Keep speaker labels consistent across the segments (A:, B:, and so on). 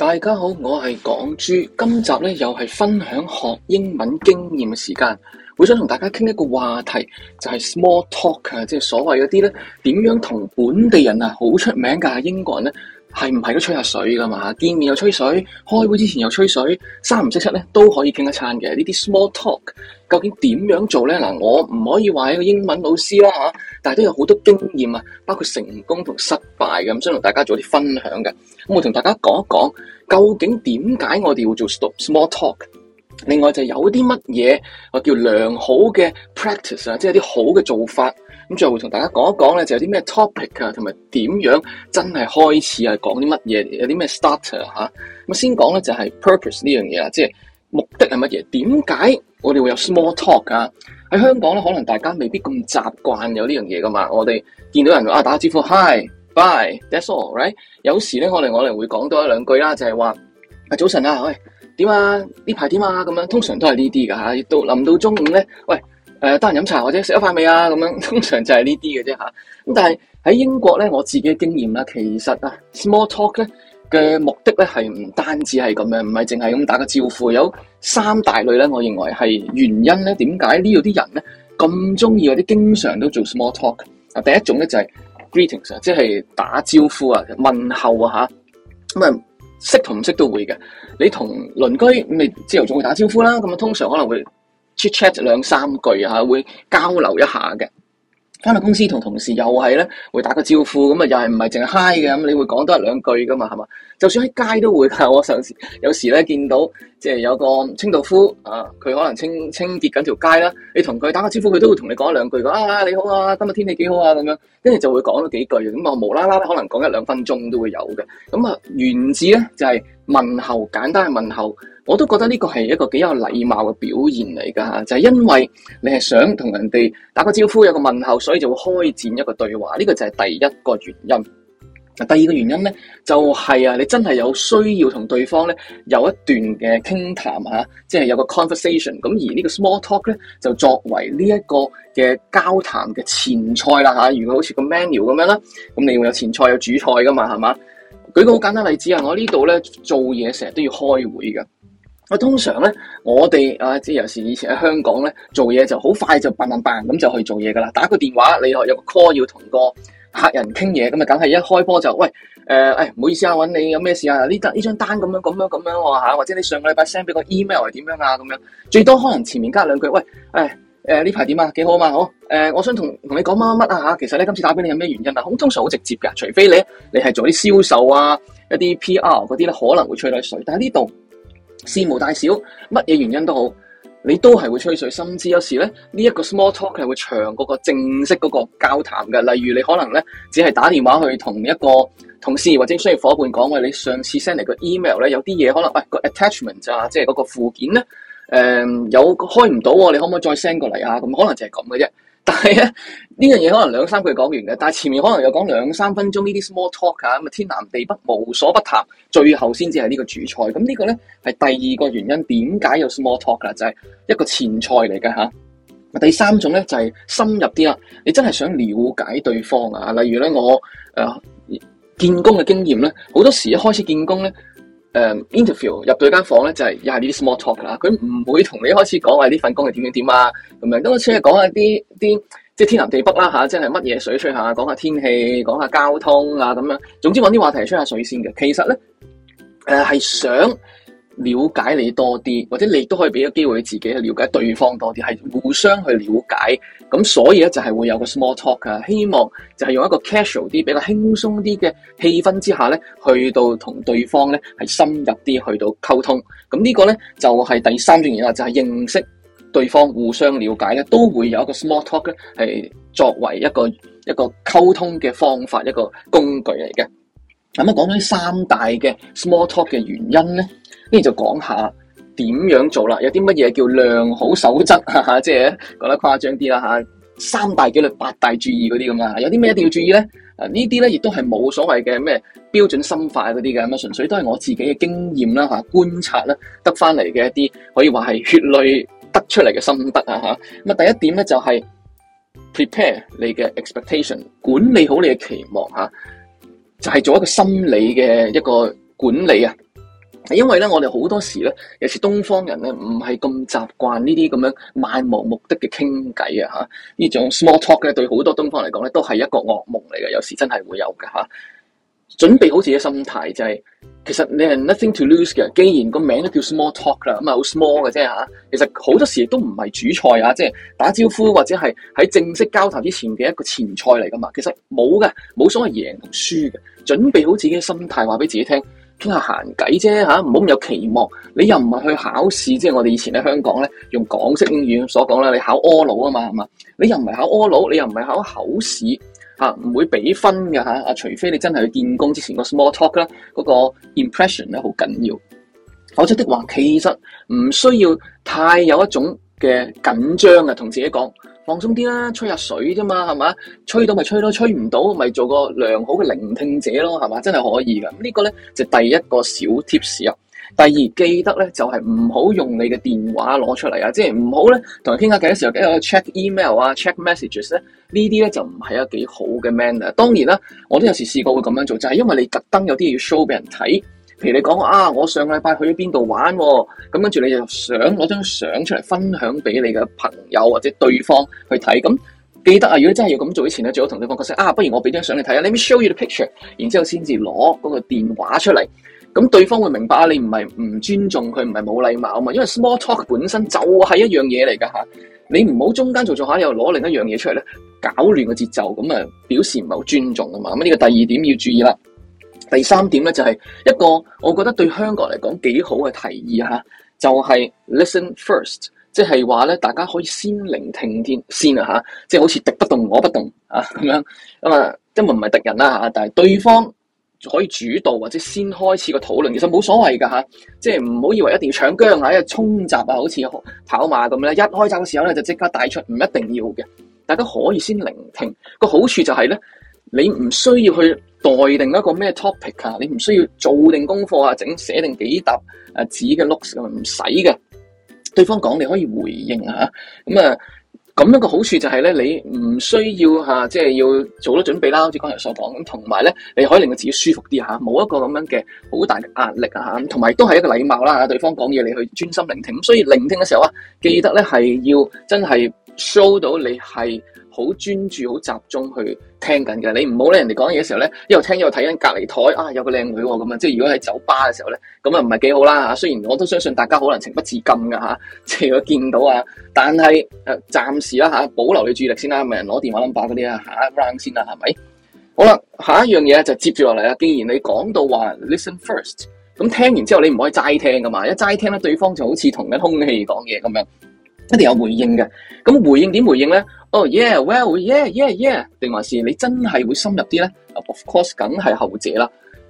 A: 大家好，我係港豬，今集又係分享學英文經驗嘅時間，會想同大家傾一個話題，就係 small talk 啊，即係所謂嗰啲咧，點樣同本地人啊好出名嘅英國人咧。係唔係都吹下水噶嘛？見面又吹水，開會之前又吹水，三唔識七咧都可以傾一餐嘅。呢啲 small talk 究竟點樣做咧？嗱，我唔可以話一個英文老師啦吓，但係都有好多經驗啊，包括成功同失敗咁，想同大家做啲分享嘅。咁我同大家講一講，究竟點解我哋要做 small talk？另外就有啲乜嘢，我叫良好嘅 practice 啊，即係啲好嘅做法。咁最後會同大家講一講咧，就有啲咩 topic starter，啊，同埋點樣真係開始係講啲乜嘢，有啲咩 starter 嚇。咁先講咧就係 purpose 呢樣嘢啦，即係目的係乜嘢？點解我哋會有 small talk 啊？喺香港咧，可能大家未必咁習慣有呢樣嘢噶嘛。我哋見到人啊，打招呼，hi bye，that's all right。有時咧，可能我哋會講多一兩句啦，就係話啊，早晨啊，喂，點啊？呢排點啊？咁樣通常都係呢啲噶嚇。到臨到中午咧，喂。誒，得閒飲茶或者食咗飯未啊咁樣，通常就係呢啲嘅啫吓，咁但係喺英國咧，我自己經驗啦，其實啊，small talk 咧嘅目的咧係唔單止係咁樣，唔係淨係咁打個招呼，有三大類咧，我認為係原因咧，點解呢度啲人咧咁中意或者經常都做 small talk 啊？第一種咧就係 greetings，即係打招呼啊、問候啊吓，咁啊，識同唔識都會嘅。你同鄰居咪朝頭早會打招呼啦。咁啊，通常可能會。chat chat 兩三句嚇，會交流一下嘅。翻到公司同同事又係咧，會打個招呼，咁啊又係唔係淨係 hi 嘅咁？你會講多一兩句噶嘛，係嘛？就算喺街都會㗎。我上有時有時咧見到，即係有個清道夫啊，佢可能清清潔緊條街啦，你同佢打個招呼，佢都會同你講一兩句嘅。啊，你好啊，今日天氣幾好啊，咁樣跟住就會講咗幾句，咁啊無啦啦可能講一兩分鐘都會有嘅。咁、嗯、啊，源自咧就係、是、問候，簡單問候，我都覺得呢個係一個幾有禮貌嘅表現嚟㗎嚇，就係、是、因為你係想同人哋打個招呼，有個問候，所以就會開展一個對話。呢、這個就係第一個原因。第二個原因咧，就係啊，你真係有需要同對方咧有一段嘅傾談嚇，即係有個 conversation、啊。咁而個呢個 small talk 咧，就作為呢一個嘅交談嘅前菜啦嚇、啊。如果好似個 menu 咁樣啦，咁你會有前菜有主菜㗎嘛？係嘛？舉個好簡單例子啊，我呢度咧做嘢成日都要開會㗎。我通常咧，我哋啊，即係有時以前喺香港咧做嘢就好快就慢慢辦辦辦咁就去做嘢噶啦。打個電話，你有個 call 要同個客人傾嘢，咁啊，梗係一開波就喂，誒、呃、誒，唔、哎、好意思啊，搵你有咩事啊？呢單呢張單咁樣咁樣咁樣吓、啊，或者你上個禮拜 send 俾個 email 係點樣啊？咁樣最多可能前面加兩句，喂，誒、哎、誒，呢排點啊？幾好啊嘛，好誒、呃，我想同同你講乜乜啊吓。其實咧，今次打俾你有咩原因啊？好通常好直接噶，除非你你係做啲銷售啊，一啲 PR 嗰啲咧，可能會吹多水，但係呢度。事無大小，乜嘢原因都好，你都係會吹水。甚至有時咧，呢、這、一個 small talk 係會長嗰個正式嗰個交談嘅。例如你可能咧，只係打電話去同一個同事或者商業伙伴講喂，你上次 send 嚟個 email 咧，有啲嘢可能喂、哎、個 attachment 啊，即係嗰個附件咧，誒、嗯、有開唔到喎，你可唔可以再 send 過嚟啊？咁可能就係咁嘅啫。但係咧，呢樣嘢可能兩三句講完嘅，但係前面可能又講兩三分鐘呢啲 small talk 啊，咁啊天南地北無所不談，最後先至係呢個主菜。咁呢個咧係第二個原因，點解有 small talk 啦？就係一個前菜嚟嘅吓。第三種咧就係、是、深入啲啦，你真係想了解對方啊。例如咧，我誒、呃、見工嘅經驗咧，好多時一開始見工咧。誒、呃、interview 入到一間房咧，就係、是、又係呢啲 small talk 啦。佢唔會同你開始講話呢份工係點點點啊，咁樣咁先係講下啲啲即係天南地北啦吓，即係乜嘢水吹下，講下天氣，講下交通啊咁樣。總之揾啲話題吹下水先嘅。其實咧，誒、呃、係想。了解你多啲，或者你都可以俾個機會你自己去了解對方多啲，係互相去了解。咁所以咧就係會有個 small talk 啊，希望就係用一個 casual 啲、比較輕鬆啲嘅氣氛之下咧，去到同對方咧係深入啲去到溝通。咁呢個咧就係、是、第三樣嘢啦，就係、是、認識對方、互相了解咧，都會有一個 small talk 咧係作為一個一個溝通嘅方法、一個工具嚟嘅。咁啊，講咗三大嘅 small talk 嘅原因咧，呢就講下點樣做啦。有啲乜嘢叫良好守則吓，即係講得誇張啲啦吓。三大紀律八大注意嗰啲咁嘅，有啲咩一定要注意咧？誒、啊，呢啲咧亦都係冇所謂嘅咩標準心法嗰啲嘅咁啊，純粹都係我自己嘅經驗啦吓、啊，觀察啦得翻嚟嘅一啲可以話係血淚得出嚟嘅心得啊吓。咁啊，第一點咧就係、是、prepare 你嘅 expectation，管理好你嘅期望吓。啊就係做一個心理嘅一個管理啊，因為咧我哋好多時咧，有時東方人咧唔係咁習慣呢啲咁樣漫無目的嘅傾偈啊，吓呢種 small talk 咧，對好多東方人嚟講咧都係一個噩夢嚟嘅，有時真係會有嘅吓、啊。準備好自己嘅心態，就係，就係其實你係 nothing to lose 嘅。既然個名都叫 small talk 啦，咁啊好 small 嘅啫吓。其實好多時都唔係主菜啊，即係打招呼或者係喺正式交談之前嘅一個前菜嚟噶嘛。其實冇嘅，冇所謂贏同輸嘅。準備好自己嘅心態，話俾自己聽，傾下閒偈啫吓，唔好咁有期望。你又唔係去考試，即係我哋以前喺香港咧，用港式英語所講咧，你考柯老啊嘛，係嘛？你又唔係考柯老，你又唔係考考試。啊，唔會畀分㗎吓，啊除非你真係去見工之前個 small talk 啦、啊，嗰、嗰個 impression 咧好緊要。否則的話，其實唔需要太有一種嘅緊張啊，同自己講，放鬆啲啦，吹下水啫嘛，係咪？吹到咪吹到，吹唔到咪做個良好嘅聆聽者咯，係嘛？真係可以㗎。這個、呢個咧就是、第一個小 tips 啊。第二，記得咧就係唔好用你嘅電話攞出嚟啊！即係唔好咧同人傾下偈嘅時候，喺度 check email 啊、check messages 咧、啊，呢啲咧就唔係一幾好嘅 manner。當然啦，我都有時試過會咁樣做，就係、是、因為你特登有啲嘢要 show 俾人睇，譬如你講啊，我上個禮拜去咗邊度玩、啊，咁跟住你就想攞張相出嚟分享俾你嘅朋友或者對方去睇。咁、嗯、記得啊，如果真係要咁做之前咧，最好同對方講確實啊，不如我俾張相你睇啊，你咪 show you the picture，然之後先至攞嗰個電話出嚟。咁對方會明白啊！你唔係唔尊重佢，唔係冇禮貌嘛。因為 small talk 本身就係一樣嘢嚟噶嚇，你唔好中間做做下又攞另一樣嘢出嚟咧，搞亂個節奏咁啊，表示唔係好尊重啊嘛。咁呢個第二點要注意啦。第三點咧就係一個我覺得對香港嚟講幾好嘅提議嚇，就係 listen first，即係話咧大家可以先聆聽先啊嚇，即係好似敵不動我不動啊咁樣咁啊，因為唔係敵人啦嚇，但係對方，可以主導或者先開始個討論，其實冇所謂噶吓，即係唔好以為一定要搶姜啊、衝閘啊，好似跑馬咁咧。一開閘嘅時候咧，就即刻帶出，唔一定要嘅。大家可以先聆聽，個好處就係咧，你唔需要去待定一個咩 topic 啊，你唔需要做定功課啊，整寫定幾沓誒紙嘅 look，唔使嘅。對方講，你可以回應吓，咁啊。嗯啊咁樣個好處就係咧，你唔需要嚇，即、啊、係、就係、要做多準備啦，好似剛才所講咁，同埋咧，你可以令到自己舒服啲嚇，冇一個咁樣嘅好大嘅壓力啊嚇，同埋都係一個禮貌啦，對方講嘢你去專心聆聽，所以聆聽嘅時候啊，記得咧係要真係 show 到你係。好專注、好集中去聽緊嘅，你唔好咧，人哋講嘢嘅時候咧，一路聽一路睇緊隔離台啊，有個靚女喎咁啊！即係如果喺酒吧嘅時候咧，咁啊唔係幾好啦吓。雖然我都相信大家可能情不自禁㗎吓，即、啊、係見到啊，但係誒暫時啦吓、啊，保留你注意力先啦，咪、啊、人攞電話 number 嗰啲啊，下 round 先啦，係咪？好啦，下一樣嘢就接住落嚟啦。既然你講到話 listen first，咁聽完之後你唔可以齋聽噶嘛，一齋聽咧對方就好似同緊空氣講嘢咁樣。一定有回應嘅，咁回應點回應咧？哦，yeah，well，yeah，yeah，yeah，定還是你真係會深入啲咧？Of course，梗係後者啦，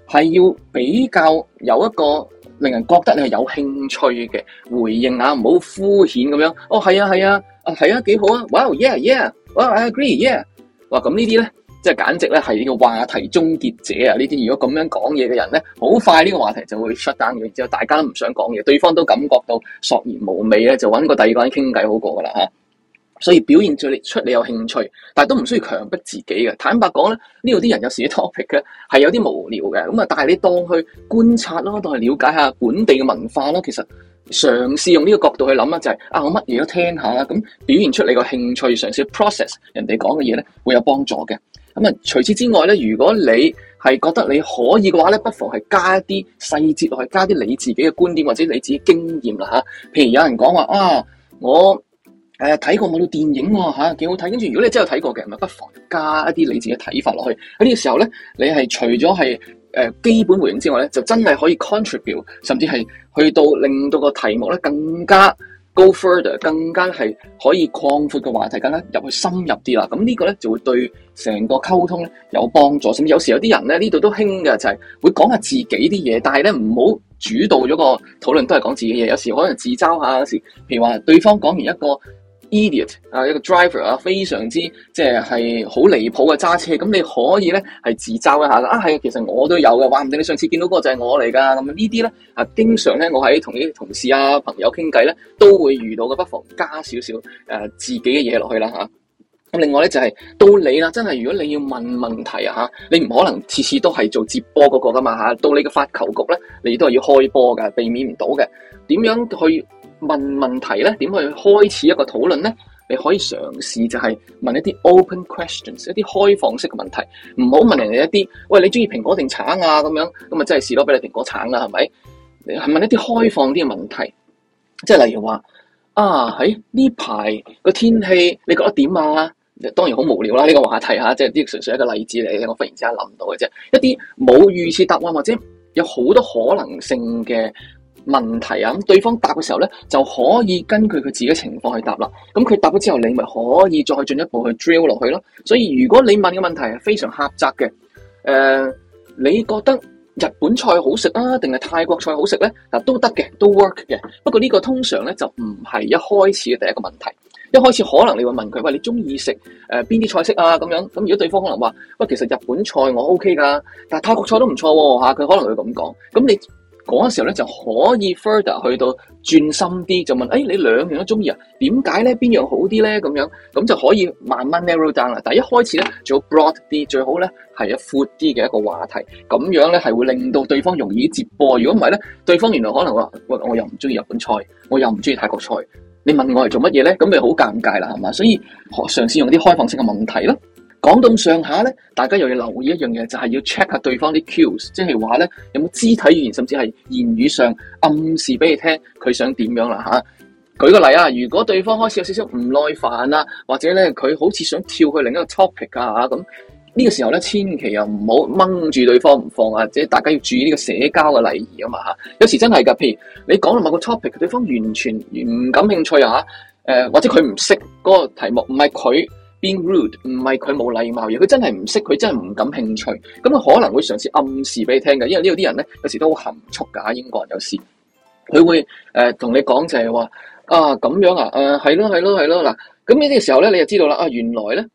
A: 係要比較有一個令人覺得你係有興趣嘅回應啊，唔好敷衍咁樣。哦，係啊，係啊，啊，係啊，幾好啊，wow，yeah，yeah，wow，I agree，yeah，哇，咁呢啲咧？即係簡直咧，係呢個話題終結者啊！呢啲如果咁樣講嘢嘅人咧，好快呢個話題就會 shutdown 咗，然之後大家都唔想講嘢，對方都感覺到索然無味咧，就揾個第二個人傾偈好過噶啦嚇。所以表現最出你有興趣，但係都唔需要強迫自己嘅。坦白講咧，呢度啲人有時 topic 咧係有啲無聊嘅咁啊，但係你當去觀察咯，當係了解下本地嘅文化咯。其實嘗試用呢個角度去諗啊，就係、是、啊，我乜嘢都聽下啦。咁、嗯、表現出你個興趣，嘗試 process 人哋講嘅嘢咧，會有幫助嘅。咁啊！除此之外咧，如果你係覺得你可以嘅話咧，不妨係加一啲細節落去，加啲你自己嘅觀點或者你自己經驗啦吓，譬如有人講話啊，我誒睇、呃、過某套電影吓、啊、幾好睇。跟住如果你真有睇過嘅，咪不妨加一啲你自己睇法落去。喺呢個時候咧，你係除咗係誒基本回應之外咧，就真係可以 contribute，甚至係去到令到個題目咧更加。Go further，更加係可以擴闊嘅話題，更加入去深入啲啦。咁呢個咧就會對成個溝通咧有幫助。甚至有時有啲人咧呢度都興嘅，就係會講下自己啲嘢，但係咧唔好主導咗個討論都係講自己嘢。有時可能自嘲下，有時譬如話對方講完一個 idiot 啊，Idi ot，一個 driver 啊，非常之即係好離譜嘅揸車，咁你可以咧係自嘲一下啊，係其實我都有嘅，話唔定你上次見到嗰個就係我嚟噶咁呢啲咧啊，經常咧我喺同啲同事啊朋友傾偈咧，都會遇到嘅，不妨加少少誒、呃、自己嘅嘢落去啦吓。咁、啊、另外咧就係、是、到你啦，真係如果你要問問題啊吓，你唔可能次次都係做接波嗰個噶嘛吓、啊。到你嘅發球局咧，你都係要開波噶避免唔到嘅。點樣去？問問題咧，點去開始一個討論咧？你可以嘗試就係問一啲 open questions，一啲開放式嘅問題，唔好問人哋一啲，喂，你中意蘋果定橙啊咁樣，咁啊真係士多啤梨蘋果橙啦、啊，係咪？係問一啲開放啲嘅問題，即係例如話啊，喺呢排個天氣你覺得點啊？當然好無聊啦，呢、這個話題嚇，即係啲純粹一個例子嚟嘅，我忽然之間諗到嘅啫，一啲冇預設答案或者有好多可能性嘅。問題啊，咁對方答嘅時候呢，就可以根據佢自己情況去答啦。咁佢答咗之後，你咪可以再進一步去 drill 落去咯。所以如果你問嘅問題係非常狹窄嘅，誒、呃，你覺得日本菜好食啊，定係泰國菜好食呢？嗱、啊，都得嘅，都 work 嘅。不過呢個通常呢，就唔係一開始嘅第一個問題。一開始可能你會問佢：喂，你中意食誒邊啲菜式啊？咁樣咁，如果對方可能話：喂，其實日本菜我 OK 㗎，但係泰國菜都唔錯喎、啊、佢可能會咁講。咁你？嗰個時候咧就可以 further 去到轉深啲，就問誒、哎、你兩樣都中意啊？點解咧？邊樣好啲咧？咁樣咁就可以慢慢 narrow down 啦。但一開始咧，最好 broad 啲，最好咧係一闊啲嘅一個話題，咁樣咧係會令到對方容易接波。如果唔係咧，對方原來可能話喂，我又唔中意日本菜，我又唔中意泰國菜，你問我係做乜嘢咧？咁咪好尷尬啦，係嘛？所以可嘗試用啲開放式嘅問題啦。講到咁上下咧，大家又要留意一樣嘢，就係要 check 下對方啲 cues，即係話咧有冇肢體語言，甚至係言語上暗示俾你聽佢想點樣啦吓。
B: 舉個例啊，
A: 如果對方開始有少少唔耐煩啊，或者咧佢好似想跳去另一個 topic 啊咁，呢個時候咧千祈又唔好掹住對方唔放啊，即係大家要注意呢個社交嘅禮儀啊嘛吓。有時真係噶，譬如你講到某個 topic，對方完全唔感興趣啊，誒或者佢唔識嗰個題目，唔係佢。Being rude 唔係佢冇禮貌嘢，佢真係唔識，佢真係唔感興趣。咁佢可能會嘗試暗示俾你聽嘅，因為呢度啲人咧有時都好含蓄㗎。英國人有時佢會誒同、呃、你講就係話啊咁樣啊，誒係咯係咯係咯。嗱，咁呢啲時候咧你就知道啦，啊原來咧。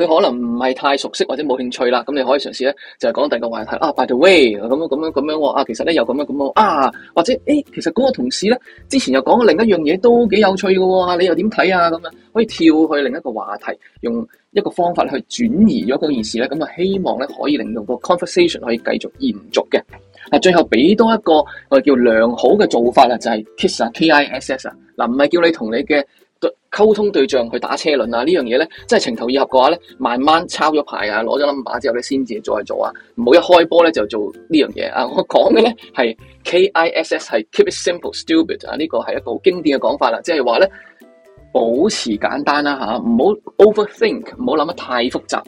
A: 你可能唔係太熟悉或者冇興趣啦，咁你可以嘗試咧，就係、是、講第二個話題啊。By the way，咁樣咁樣咁樣喎，啊，其實咧又咁樣咁樣啊，或者誒、欸，其實嗰個同事咧之前又講過另一樣嘢都幾有趣嘅喎，你又點睇啊？咁樣可以跳去另一個話題，用一個方法去轉移咗嗰件事咧，咁啊希望咧可以令到個 conversation 可以繼續延續嘅。嗱，最後俾多一個我叫良好嘅做法啊，就係 KISS 啊，k, iss, K i s s, s 啊，嗱，唔係叫你同你嘅溝通對象去打車輪啊！呢樣嘢咧，真係情投意合嘅話咧，慢慢抄咗牌啊，攞咗冧把之後咧，先至再做啊！唔好一開波咧就做呢樣嘢啊！我講嘅咧係 KISS，係 Keep it simple stupid 啊！呢個係一個好經典嘅講法啦、啊，即係話咧保持簡單啦、啊、吓，唔好 overthink，唔好諗得太複雜。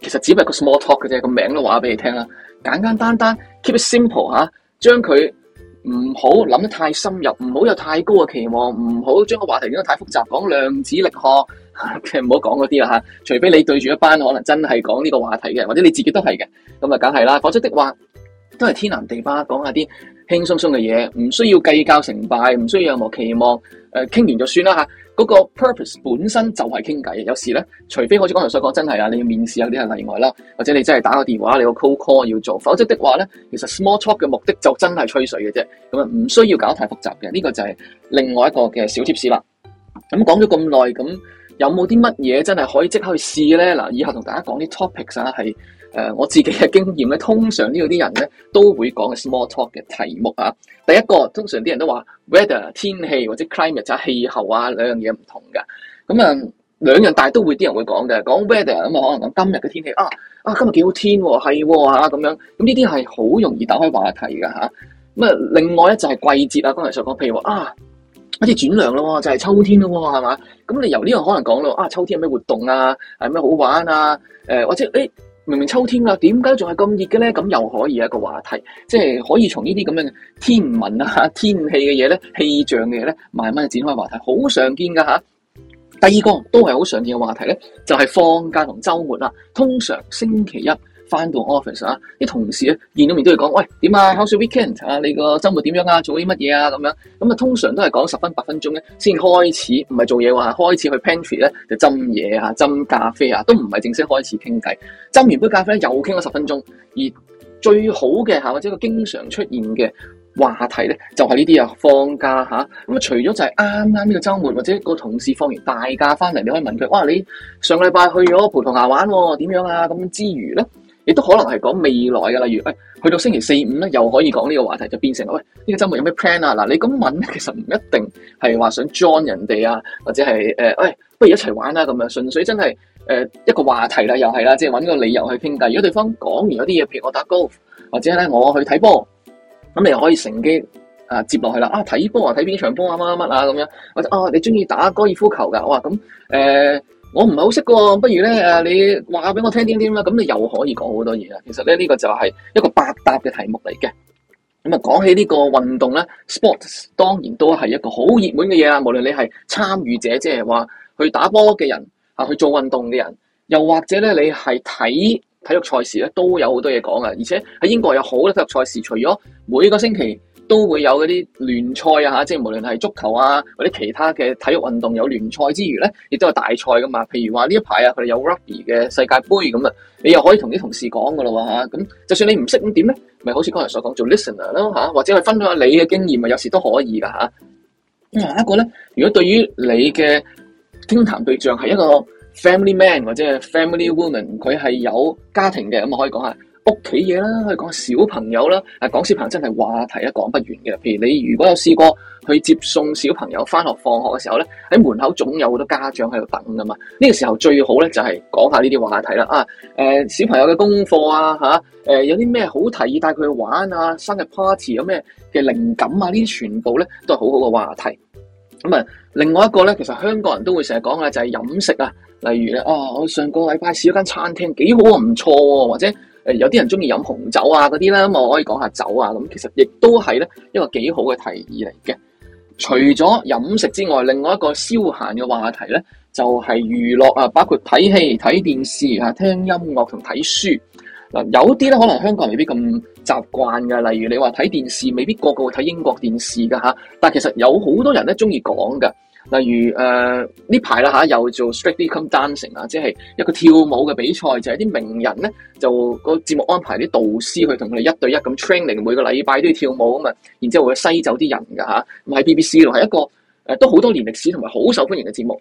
A: 其實只係個 small talk 嘅啫，個名都話俾你聽啦，簡簡單單，keep it simple 吓、啊，將佢。唔好諗得太深入，唔好有太高嘅期望，唔好將個話題講得太複雜，講量子力學嘅唔好講嗰啲啊吓、啊，除非你對住一班可能真係講呢個話題嘅，或者你自己都係嘅，咁啊梗係啦，否則的話都係天南地北，講下啲輕松鬆嘅嘢，唔需要計較成敗，唔需要任何期望。誒，傾完就算啦吓，嗰、那個 purpose 本身就係傾偈，有時咧，除非好似剛才所講，真係啊你要面試有啲係例外啦，或者你真係打個電話，你個 cold call 要做，否則的話咧，其實 small talk 嘅目的就真係吹水嘅啫，咁啊唔需要搞太複雜嘅，呢、這個就係另外一個嘅小貼士啦。咁講咗咁耐，咁有冇啲乜嘢真係可以即刻去試咧？嗱，以後同大家講啲 topics 啦係。誒、呃、我自己嘅經驗咧，通常呢度啲人咧都會講 small talk 嘅題目啊。第一個，通常啲人都話 weather 天氣或者 climate 就係氣候啊，兩樣嘢唔同噶。咁啊兩樣，大都會啲人會講嘅。講 weather 咁啊，可能講今日嘅天氣啊啊，今日幾好天喎，啊，係喎咁樣。咁呢啲係好容易打開話題噶嚇。咁啊，另外咧就係季節啊，剛才所講，譬如話啊，開始轉涼啦喎，就係、是、秋天啦喎，係嘛？咁你由呢個可能講到啊，秋天有咩活動啊？係咩好玩啊？誒、呃、或者誒。哎明明秋天啦，點解仲係咁熱嘅咧？咁又可以一個話題，即係可以從呢啲咁樣嘅天文啊、天氣嘅嘢咧、氣象嘅嘢咧，慢慢展開話題，好常見噶吓。第二個都係好常見嘅話題咧，就係放假同周末啦。通常星期一。翻到 office 啊！啲同事啊，見到面都係講喂，點啊，How's your weekend 啊，你個周末點樣啊？做啲乜嘢啊？咁樣咁啊，通常都係講十分八分鐘咧先開始，唔係做嘢喎、啊。開始去 pantry 咧就斟嘢啊，斟咖啡啊，都唔係正式開始傾偈。斟完杯咖啡又傾咗十分鐘。而最好嘅嚇，或者個經常出現嘅話題咧，就係呢啲啊，放假嚇咁啊。除咗就係啱啱呢個周末，或者個同事放完大假翻嚟，你可以問佢哇，你上個禮拜去咗葡萄牙玩點、哦、樣啊？咁之餘咧。亦都可能係講未來噶，例如，誒、哎，去到星期四五咧，又可以講呢個話題，就變成，喂，呢、這個周末有咩 plan 啊？嗱，你咁問，其實唔一定係話想 join 人哋啊，或者係，誒、呃，喂、哎，不如一齊玩啦、啊、咁樣，純粹真係，誒、呃，一個話題啦，又係啦，即係搵個理由去傾偈。如果對方講完有啲嘢，譬如我打 golf，或者咧我去睇波，咁你又可以乘機啊接落去啦，啊，睇波啊，睇邊場波啊，乜乜乜啊，咁樣，或者哦、啊，你中意打高爾夫球噶，哇，咁，誒、呃。我唔係好識個，不如咧誒，你話俾我聽啲啲啦。咁你又可以講好多嘢啦。其實咧呢個就係一個百搭嘅題目嚟嘅。咁啊，講起呢個運動咧，sports 當然都係一個好熱門嘅嘢啦。無論你係參與者，即係話去打波嘅人啊，去做運動嘅人，又或者咧你係睇體育賽事咧，都有好多嘢講嘅。而且喺英國有好多體育賽事，除咗每個星期。都會有嗰啲聯賽啊，嚇！即係無論係足球啊，或者其他嘅體育運動有聯賽之餘咧，亦都有大賽噶嘛。譬如話呢一排啊，佢哋有 Rugby 嘅世界盃咁啊，你又可以同啲同事講噶咯喎嚇。咁就算你唔識咁點咧，咪好似剛才所講做 listener 咯嚇，或者去分享下你嘅經驗啊，有時都可以噶嚇、啊。另一個咧，如果對於你嘅傾談對象係一個 family man 或者 family woman，佢係有家庭嘅，咁啊可以講下。屋企嘢啦，可以講小朋友啦，啊講小朋友真係話題啊講不完嘅。譬如你如果有試過去接送小朋友翻學放學嘅時候咧，喺門口總有好多家長喺度等噶嘛。呢、這個時候最好咧就係講下呢啲話題啦。啊，誒、呃、小朋友嘅功課啊，吓、啊、誒、呃、有啲咩好提議帶佢去玩啊，生日 party 有咩嘅靈感啊，呢啲全部咧都係好好嘅話題。咁、嗯、啊，另外一個咧，其實香港人都會成日講嘅就係飲食啊，例如啊、哦，我上個禮拜試咗間餐廳，幾好啊，唔錯喎，或者。誒有啲人中意飲紅酒啊嗰啲啦，咁我可以講下酒啊咁，其實亦都係咧一個幾好嘅提議嚟嘅。除咗飲食之外，另外一個消閒嘅話題咧，就係娛樂啊，包括睇戲、睇電視啊、聽音樂同睇書嗱。有啲咧可能香港人未必咁習慣嘅，例如你話睇電視，未必個個會睇英國電視嘅嚇，但其實有好多人咧中意講嘅。例如誒呢排啦嚇，又做 Strictly Come Dancing 啊，即係一個跳舞嘅比賽，就係、是、啲名人咧，就、那個節目安排啲導師去同佢哋一對一咁 training，每個禮拜都要跳舞咁嘛、啊，然之後會篩走啲人㗎嚇。咁、啊、喺 BBC 度、啊、係一個誒、啊、都好多年歷史同埋好受歡迎嘅節目。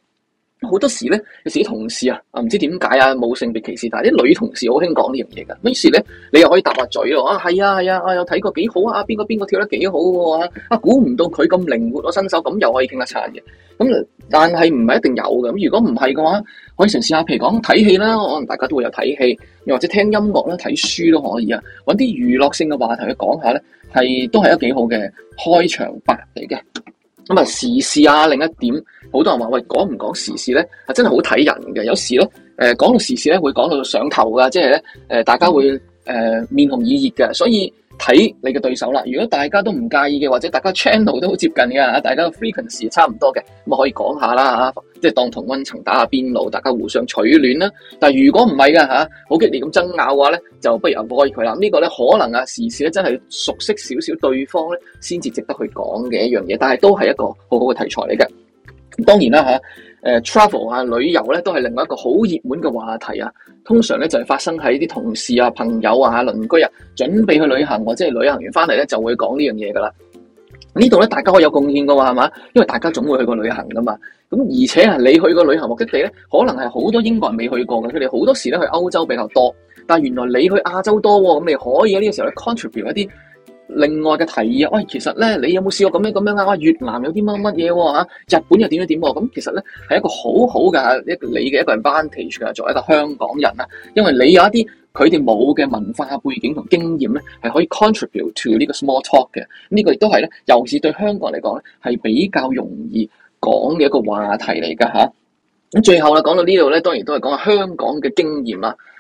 A: 好多時咧，有時啲同事啊，唔知點解啊，冇性別歧視，但係啲女同事好興講呢樣嘢噶。有時咧，你又可以答下嘴咯。啊，係啊係啊，我有睇過幾好啊，邊、啊啊、個邊個跳得幾好啊，啊，估唔到佢咁靈活我身手，咁又可以傾一餐嘅。咁但係唔係一定有嘅。咁如果唔係嘅話，可以嘗試下，譬如講睇戲啦，可能大家都會有睇戲，又或者聽音樂啦、睇書都可以啊。揾啲娛樂性嘅話題去講下咧，係都係一幾好嘅開場白嚟嘅。咁啊時事啊另一點，好多人話喂講唔講時事咧，係真係好睇人嘅。有時咧，誒、呃、講到時事咧會講到上頭㗎，即係咧誒大家會誒、呃、面紅耳熱嘅，所以。睇你嘅對手啦，如果大家都唔介意嘅，或者大家 channel 都好接近嘅，啊，大家 frequency 差唔多嘅，咁可以講下啦，啊，即係當同溫層打下邊爐，大家互相取暖啦。但係如果唔係嘅嚇，好激烈咁爭拗嘅話咧，就不如避開佢啦。這個、呢個咧可能啊，時事咧真係熟悉少少對方咧，先至值得去講嘅一樣嘢。但係都係一個好好嘅題材嚟嘅。當然啦嚇。啊誒、呃、travel 啊，旅遊咧都係另外一個好熱門嘅話題啊。通常咧就係、是、發生喺啲同事啊、朋友啊、鄰居啊準備去旅行，或者係旅行完翻嚟咧就會講呢樣嘢㗎啦。呢度咧大家可以有貢獻㗎嘛，係嘛？因為大家總會去過旅行㗎嘛。咁而且啊，你去過旅行目的地咧，可能係好多英國人未去過㗎。佢哋好多時咧去歐洲比較多，但係原來你去亞洲多喎、哦，咁你可以喺呢個時候咧 contribute 一啲。另外嘅提議啊，喂，其實咧，你有冇試過咁樣咁樣啊？越南有啲乜乜嘢喎？日本又點樣點？咁、啊、其實咧係一個好好嘅一你嘅一個,個 advantage 啊，作為一個香港人啊，因為你有一啲佢哋冇嘅文化背景同經驗咧，係可以 contribute to 呢個 small talk 嘅。這個、呢個亦都係咧，尤其是對香港嚟講咧係比較容易講嘅一個話題嚟㗎吓，咁、啊、最後啦，講到呢度咧，當然都係講下香港嘅經驗啦、啊。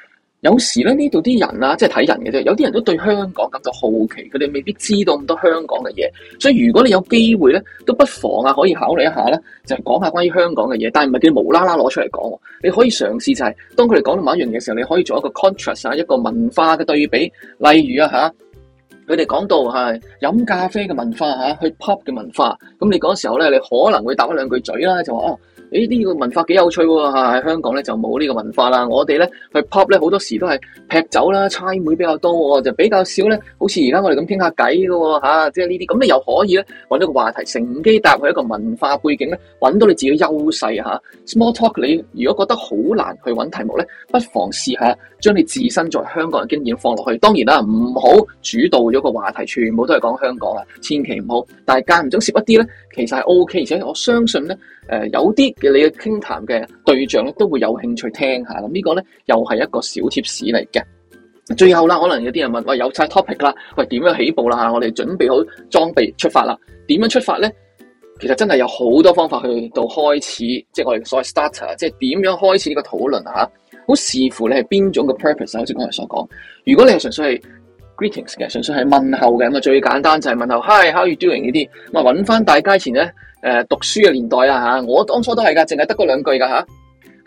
A: 有時咧，呢度啲人啊，即係睇人嘅啫。有啲人都對香港感到好奇，佢哋未必知道咁多香港嘅嘢。所以如果你有機會咧，都不妨啊，可以考慮一下咧，就係講下關於香港嘅嘢。但係唔係叫無啦啦攞出嚟講。你可以嘗試就係當佢哋講到某一樣嘢嘅時候，你可以做一個 contrast，一個文化嘅對比。例如啊，嚇佢哋講到係飲咖啡嘅文化嚇，去 pop 嘅文化。咁你嗰時候咧，你可能會答一兩句嘴啦，就話哦。誒呢、哎呢個文化幾有趣喎喺、啊、香港咧就冇呢個文化啦，我哋咧去 pop 咧好多時都係劈酒啦、猜枚比較多喎、哦，就比較少咧。好似而家我哋咁傾下偈嘅喎，即係呢啲咁你又可以咧揾到個話題，乘機搭佢一個文化背景咧，揾到你自己嘅優勢、啊、Small talk，你如果覺得好難去揾題目咧，不妨試下將你自身在香港嘅經驗放落去。當然啦，唔好主導咗個話題，全部都係講香港啊，千祈唔好。但係間唔中攝一啲咧，其實係 OK，而且我相信咧，誒有啲。你嘅傾談嘅對象咧，都會有興趣聽下啦。這個、呢個咧又係一個小貼士嚟嘅。最後啦，可能有啲人問：哎、喂，有晒 topic 啦，喂點樣起步啦？我哋準備好裝備出發啦，點樣出發咧？其實真係有好多方法去到開始，即係我哋所謂 starter，即係點樣開始呢個討論吓，好視乎你係邊種嘅 purpose 啊，好似我哋所講。如果你係純粹係，Greetings 嘅，純粹係問候嘅咁啊！最簡單就係問候，Hi，How you doing 呢啲咁啊！揾翻大家前咧，誒、呃、讀書嘅年代啊吓，我當初都係噶，淨係得嗰兩句噶嚇、啊。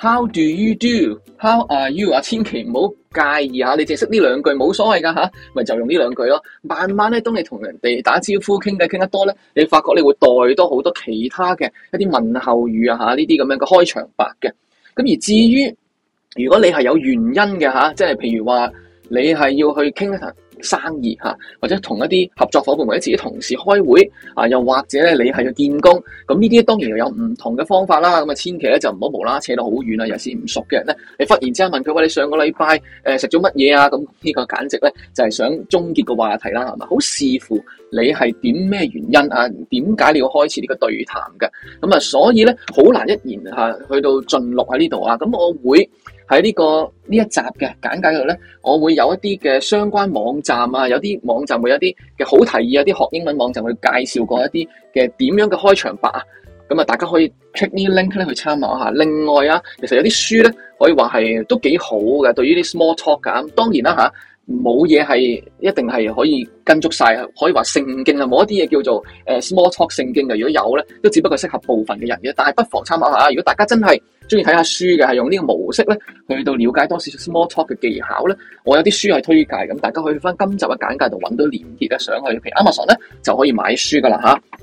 A: How do you do？How are you？啊，千祈唔好介意吓，你淨係識呢兩句冇所謂噶吓，咪就用呢兩句咯、啊。慢慢咧，當你同人哋打招呼、傾偈傾得多咧，你發覺你會代多好多其他嘅一啲問候語啊吓，呢啲咁樣嘅開場白嘅。咁、啊、而至於如果你係有原因嘅吓、啊，即係譬如話你係要去傾一生意嚇，或者同一啲合作伙伴或者自己同事開會啊，又或者咧你係要見工，咁呢啲當然又有唔同嘅方法啦。咁啊，千祈咧就唔好無啦扯到好遠啊，有時唔熟嘅人咧，你忽然之間問佢喂，你上個禮拜誒食咗乜嘢啊？咁、這、呢個簡直咧就係想終結個話題啦，係嘛？好視乎你係點咩原因啊？點解你要開始呢個對談嘅？咁啊，所以咧好難一言嚇去到盡錄喺呢度啊。咁我會。喺呢、這個呢一集嘅簡介度咧，我會有一啲嘅相關網站啊，有啲網站會有啲嘅好提議，有啲學英文網站會介紹過一啲嘅點樣嘅開場白啊，咁、嗯、啊，大家可以 check 呢啲 link 咧去參考下。另外啊，其實有啲書咧可以話係都幾好嘅，對於啲 small talk 嘅，當然啦、啊、吓。啊冇嘢係一定係可以跟足晒，可以話聖經啊！冇一啲嘢叫做誒、呃、small talk 聖經啊！如果有咧，都只不過適合部分嘅人嘅。但係不妨參考下，如果大家真係中意睇下書嘅，係用呢個模式咧，去到了解多少少 small talk 嘅技巧咧，我有啲書係推介咁，大家可以翻今集嘅簡介度揾到連結嘅上去，譬如 Amazon 咧就可以買書噶啦嚇。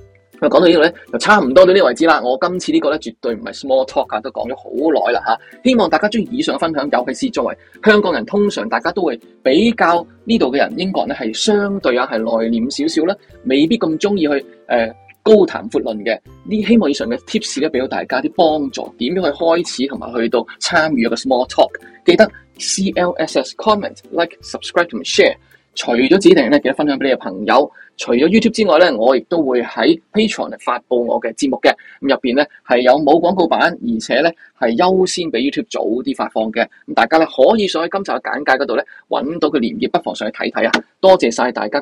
A: 講到呢度咧，就差唔多到呢個位置啦。我今次呢個咧，絕對唔係 small talk 啊，都講咗好耐啦嚇。希望大家將以上分享，尤其是作為香港人，通常大家都會比較呢度嘅人，英國人咧係相對啊係內斂少少啦，未必咁中意去誒、呃、高談闊論嘅。呢希望以上嘅 tips 咧，俾到大家啲幫助，點樣去開始同埋去到參與一個 small talk。記得 CLSS comment like subscribe 同埋 share。除咗指定咧，記得分享俾你嘅朋友。除咗 YouTube 之外咧，我亦都會喺 Patreon 發布我嘅節目嘅。咁入邊咧係有冇廣告版，而且咧係優先比 YouTube 早啲發放嘅。咁大家咧，可以上去今集嘅簡介嗰度咧揾到佢鏈接，不妨上去睇睇啊！多謝晒大家。